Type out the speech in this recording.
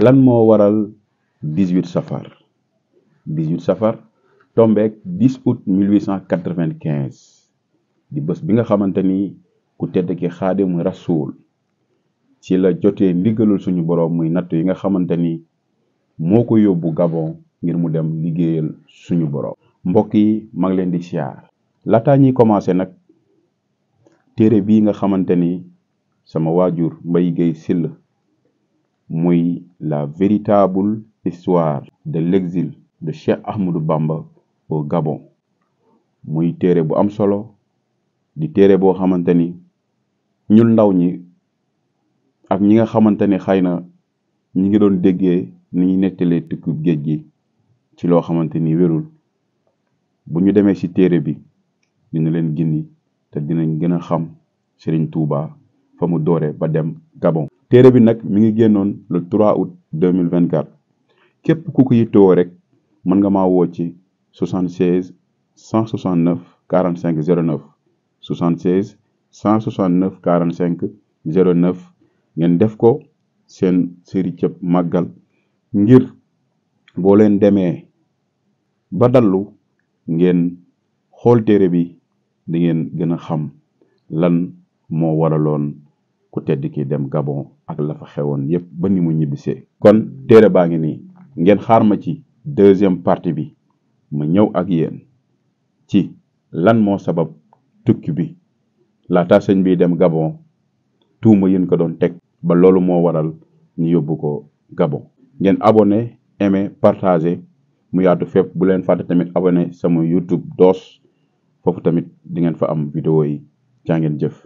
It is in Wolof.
lan mo waral 18 safar 18 safar tombeek 10 août 1895 di bés bi nga xamanteni ku tedd ki khadim rasul ci la jotté ndigalul suñu borom muy natt yi nga xamanteni moko yobbu gabon ngir mu dem liggéeyal suñu borom mbokk yi mag leen di siyaar laataa ñuy commencé nag téere bii nga xamante ni sama waajur mbay gay sill muy la véritable histoire de l'exil de Cheikh Ahmadou Bamba au Gabon muy téere bu am solo di téere boo xamante ni ñun ndaw ñi ak ñi nga xamante ni xëy na ñi ngi doon déggee ni ñu nettalee tukki géej gi ci loo xamante ni wérul bu ñu demee ci téere bi dina leen gindi te dinañ gën a xam Serigne Touba fa mu doore ba dem Gabon téere bi nag mi ngi génnoon le 3 août 2024 képp ku ko yittewoo rek mën nga maa woo ci 76 169 45 09 76 169 45 09 ngeen def ko seen série cëb màggal ngir boo leen demee ba dallu ngeen xool téere bi di ngeen gën a xam lan moo waraloon ku tedd ki dem Gabon ak la fa xewoon yépp ba ni mu ñibbisee. kon téere baa ngi nii ngeen xaar ma ci deuxième partie bi ma ñëw ak yéen ci lan moo sabab tukki bi laata sëñ bi dem Gabon tuuma yéen ko doon teg ba loolu moo waral ñu yóbbu ko Gabon. ngeen abonné aimé partagé mu yaatu fépp bu leen fàtte tamit abonné sama YouTube Doss foofu tamit di ngeen fa am vidéo yi jaa ngeen jëf.